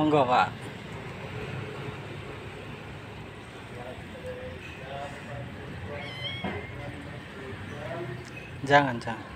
monggo pak jangan jangan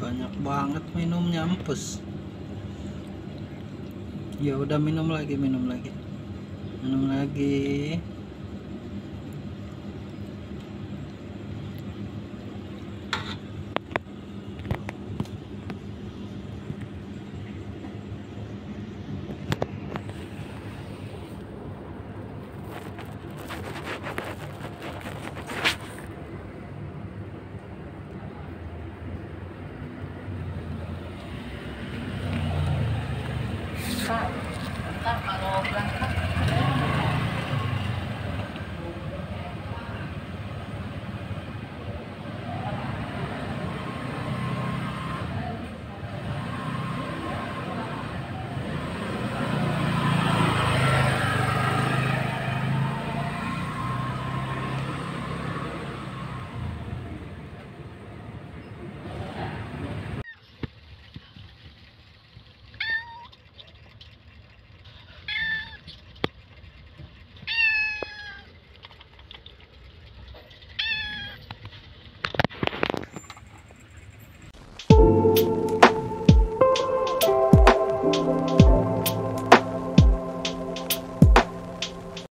banyak banget minumnya empus ya udah minum lagi minum lagi minum lagi fun.